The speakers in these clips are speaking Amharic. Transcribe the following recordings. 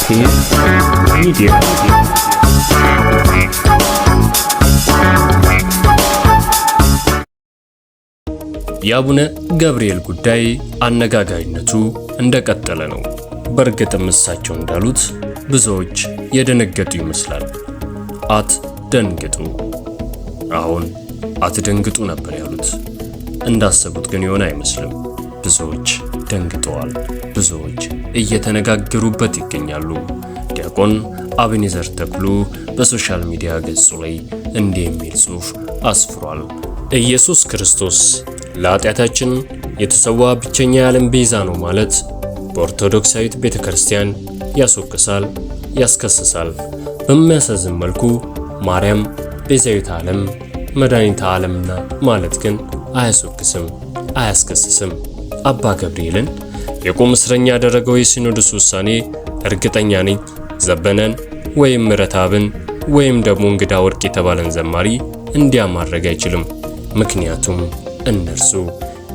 Community Media. የአቡነ ገብርኤል ጉዳይ አነጋጋሪነቱ እንደቀጠለ ነው። በእርግጥም እሳቸው እንዳሉት ብዙዎች የደነገጡ ይመስላል። አትደንግጡ፣ አሁን አትደንግጡ ነበር ያሉት። እንዳሰቡት ግን የሆነ አይመስልም ብዙዎች ደንግጠዋል። ብዙዎች እየተነጋገሩበት ይገኛሉ። ዲያቆን አቤኔዘር ተክሉ በሶሻል ሚዲያ ገጹ ላይ እንዲህ የሚል ጽሑፍ አስፍሯል። ኢየሱስ ክርስቶስ ለኃጢአታችን የተሰዋ ብቸኛ የዓለም ቤዛ ነው ማለት በኦርቶዶክሳዊት ቤተ ክርስቲያን ያስወቅሳል፣ ያስከስሳል። በሚያሳዝን መልኩ ማርያም ቤዛዊት ዓለም መድኃኒተ ዓለምና ማለት ግን አያስወቅስም፣ አያስከስስም። አባ ገብርኤልን የቁም እስረኛ ያደረገው የሲኖዶስ ውሳኔ እርግጠኛ ነኝ ዘበነን ወይም ምረታብን ወይም ደግሞ እንግዳ ወርቅ የተባለን ዘማሪ እንዲያማድረግ አይችልም። ምክንያቱም እነርሱ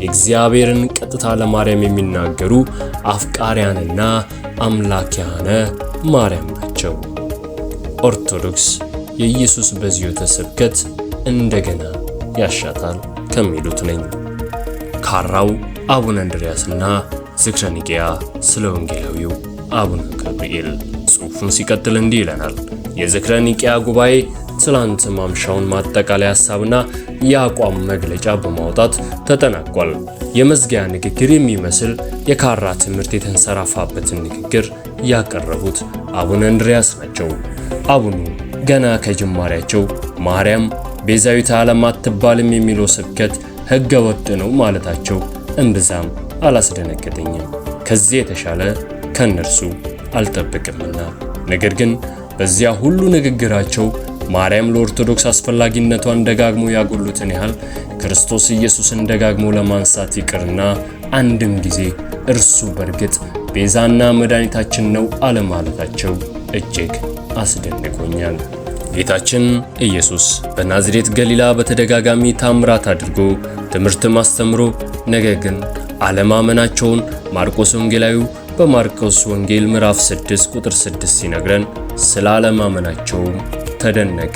እግዚአብሔርን ቀጥታ ለማርያም የሚናገሩ አፍቃሪያንና አምላኪያነ ማርያም ናቸው። ኦርቶዶክስ የኢየሱስ በዚዮተ ስብከት እንደገና ያሻታል ከሚሉት ነኝ። ካራው አቡነ እንድርያስና ዝክረ ኒቅያ ስለ ወንጌላዊው አቡነ ገብርኤል ጽሑፉን ሲቀጥል እንዲህ ይለናል። የዝክረ ኒቅያ ጉባኤ ትላንት ማምሻውን ማጠቃለያ ሀሳብና የአቋም መግለጫ በማውጣት ተጠናቋል። የመዝጊያ ንግግር የሚመስል የካራ ትምህርት የተንሰራፋበትን ንግግር ያቀረቡት አቡነ እንድርያስ ናቸው። አቡኑ ገና ከጅማሬያቸው ማርያም ቤዛዊት ዓለም አትባልም የሚለው ስብከት ሕገ ወጥ ነው ማለታቸው እምብዛም አላስደነገጠኝም። ከዚህ የተሻለ ከእነርሱ አልጠብቅምና። ነገር ግን በዚያ ሁሉ ንግግራቸው ማርያም ለኦርቶዶክስ አስፈላጊነቷን ደጋግሞ ያጎሉትን ያህል ክርስቶስ ኢየሱስን ደጋግሞ ለማንሳት ይቅርና አንድም ጊዜ እርሱ በእርግጥ ቤዛና መድኃኒታችን ነው አለማለታቸው እጅግ አስደንቆኛል። ጌታችን ኢየሱስ በናዝሬት ገሊላ በተደጋጋሚ ታምራት አድርጎ ትምህርትም አስተምሮ ነገር ግን አለማመናቸውን ማርቆስ ወንጌላዊው በማርቆስ ወንጌል ምዕራፍ 6 ቁጥር 6 ሲነግረን ስለ አለማመናቸውም ተደነቀ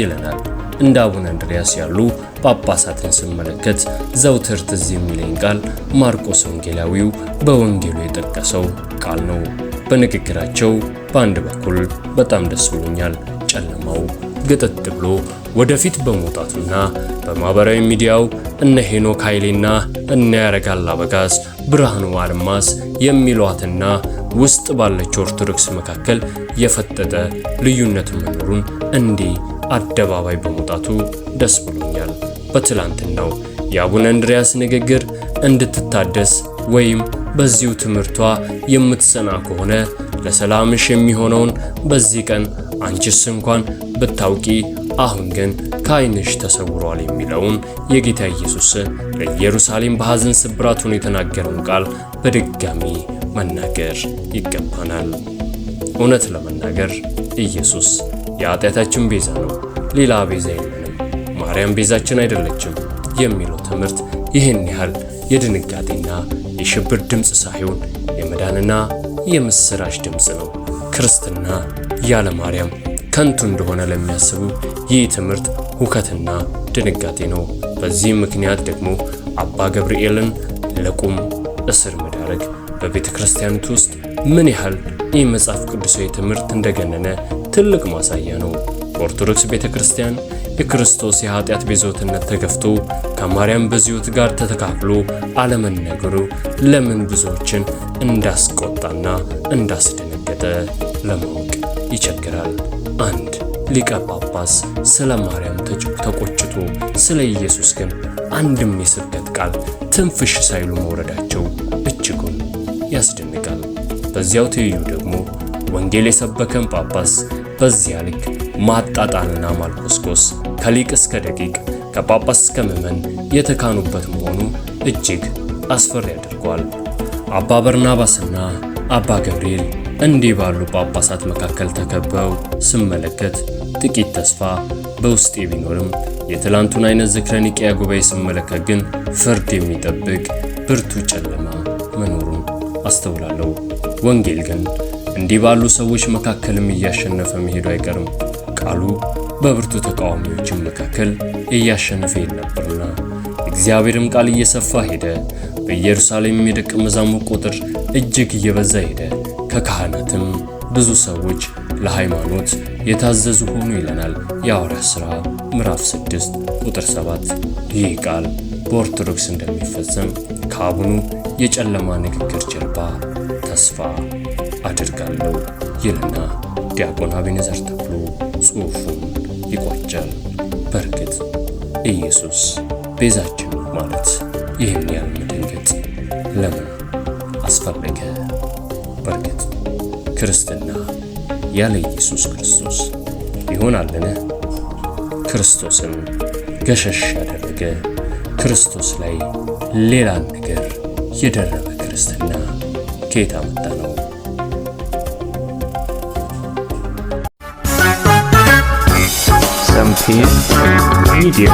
ይለናል። እንደ አቡነ እንድርያስ ያሉ ጳጳሳትን ስመለከት ዘውትር ትዝ የሚለኝ ቃል ማርቆስ ወንጌላዊው በወንጌሉ የጠቀሰው ቃል ነው። በንግግራቸው በአንድ በኩል በጣም ደስ ብሎኛል፣ ጨለማው ግጥጥ ብሎ ወደፊት በመውጣቱና በማህበራዊ ሚዲያው እነ ሄኖክ ኃይሌና እነ ያረጋል አበጋዝ፣ ብርሃኑ አልማዝ የሚሏትና ውስጥ ባለች ኦርቶዶክስ መካከል የፈጠጠ ልዩነት መኖሩን እንዲህ አደባባይ በመውጣቱ ደስ ብሎኛል። በትላንትናው የአቡነ አንድሪያስ ንግግር እንድትታደስ ወይም በዚሁ ትምህርቷ የምትሰና ከሆነ ለሰላምሽ የሚሆነውን በዚህ ቀን አንቺስ እንኳን ብታውቂ አሁን ግን ከዓይንሽ ተሰውሯል የሚለውን የጌታ ኢየሱስ ለኢየሩሳሌም በሐዘን ሆኖ የተናገረውን ቃል በድጋሚ መናገር ይገባናል። እውነት ለመናገር ኢየሱስ የኃጢአታችን ቤዛ ነው፣ ሌላ ቤዛ የለንም፣ ማርያም ቤዛችን አይደለችም የሚለው ትምህርት ይህን ያህል የድንጋጤና የሽብር ድምፅ ሳይሆን የመዳንና የምስራች ድምፅ ነው። ክርስትና ያለ ማርያም ከንቱ እንደሆነ ለሚያስቡ ይህ ትምህርት ሁከትና ድንጋጤ ነው። በዚህም ምክንያት ደግሞ አባ ገብርኤልን ለቁም እስር መዳረግ በቤተ ክርስቲያኒቱ ውስጥ ምን ያህል ይህ መጽሐፍ ቅዱሳዊ ትምህርት እንደገነነ ትልቅ ማሳያ ነው። ኦርቶዶክስ ቤተ ክርስቲያን የክርስቶስ የኃጢአት ቤዞትነት ተገፍቶ ከማርያም በዚሁት ጋር ተተካክሎ አለመነገሩ ለምን ብዙዎችን እንዳስቆጣና እንዳስደነገጠ ለማወቅ መጠየቅ ይቸግራል። አንድ ሊቀ ጳጳስ ስለ ማርያም ተቆጭቶ ስለ ኢየሱስ ግን አንድም የስብከት ቃል ትንፍሽ ሳይሉ መውረዳቸው እጅጉን ያስደንቃል። በዚያው ትይዩ ደግሞ ወንጌል የሰበከን ጳጳስ በዚያ ልክ ማጣጣልና ማልኮስኮስ ከሊቅ እስከ ደቂቅ ከጳጳስ እስከ ምዕመን የተካኑበት መሆኑ እጅግ አስፈሪ አድርጓል። አባ በርናባስና አባ ገብርኤል እንዲህ ባሉ ጳጳሳት መካከል ተከበው ስመለከት ጥቂት ተስፋ በውስጤ ቢኖርም የትላንቱን አይነት ዝክረ ኒቂያ ጉባኤ ስመለከት ግን ፍርድ የሚጠብቅ ብርቱ ጨለማ መኖሩን አስተውላለሁ። ወንጌል ግን እንዲህ ባሉ ሰዎች መካከልም እያሸነፈ መሄዱ አይቀርም። ቃሉ በብርቱ ተቃዋሚዎችም መካከል እያሸነፈ ሄድ ነበርና እግዚአብሔርም ቃል እየሰፋ ሄደ። በኢየሩሳሌም የደቀ መዛሙርት ቁጥር እጅግ እየበዛ ሄደ። ከካህናትም ብዙ ሰዎች ለሃይማኖት የታዘዙ ሆኑ ይለናል የሐዋርያት ሥራ ምዕራፍ 6 ቁጥር 7። ይህ ቃል በኦርቶዶክስ እንደሚፈጸም ከአቡኑ የጨለማ ንግግር ጀርባ ተስፋ አድርጋለሁ ይልና ዲያቆን አቤነዘር ተብሎ ጽሑፉን ይቋጫል። በእርግጥ ኢየሱስ ቤዛችን ማለት ይህን ያህል መደንገጥ ለምን አስፈለገ? በርግጥ ክርስትና ያለ ኢየሱስ ክርስቶስ ይሆናልን? ክርስቶስን ገሸሽ ያደረገ ክርስቶስ ላይ ሌላ ነገር የደረበ ክርስትና ከየት መጣ ነው? ሚዲያ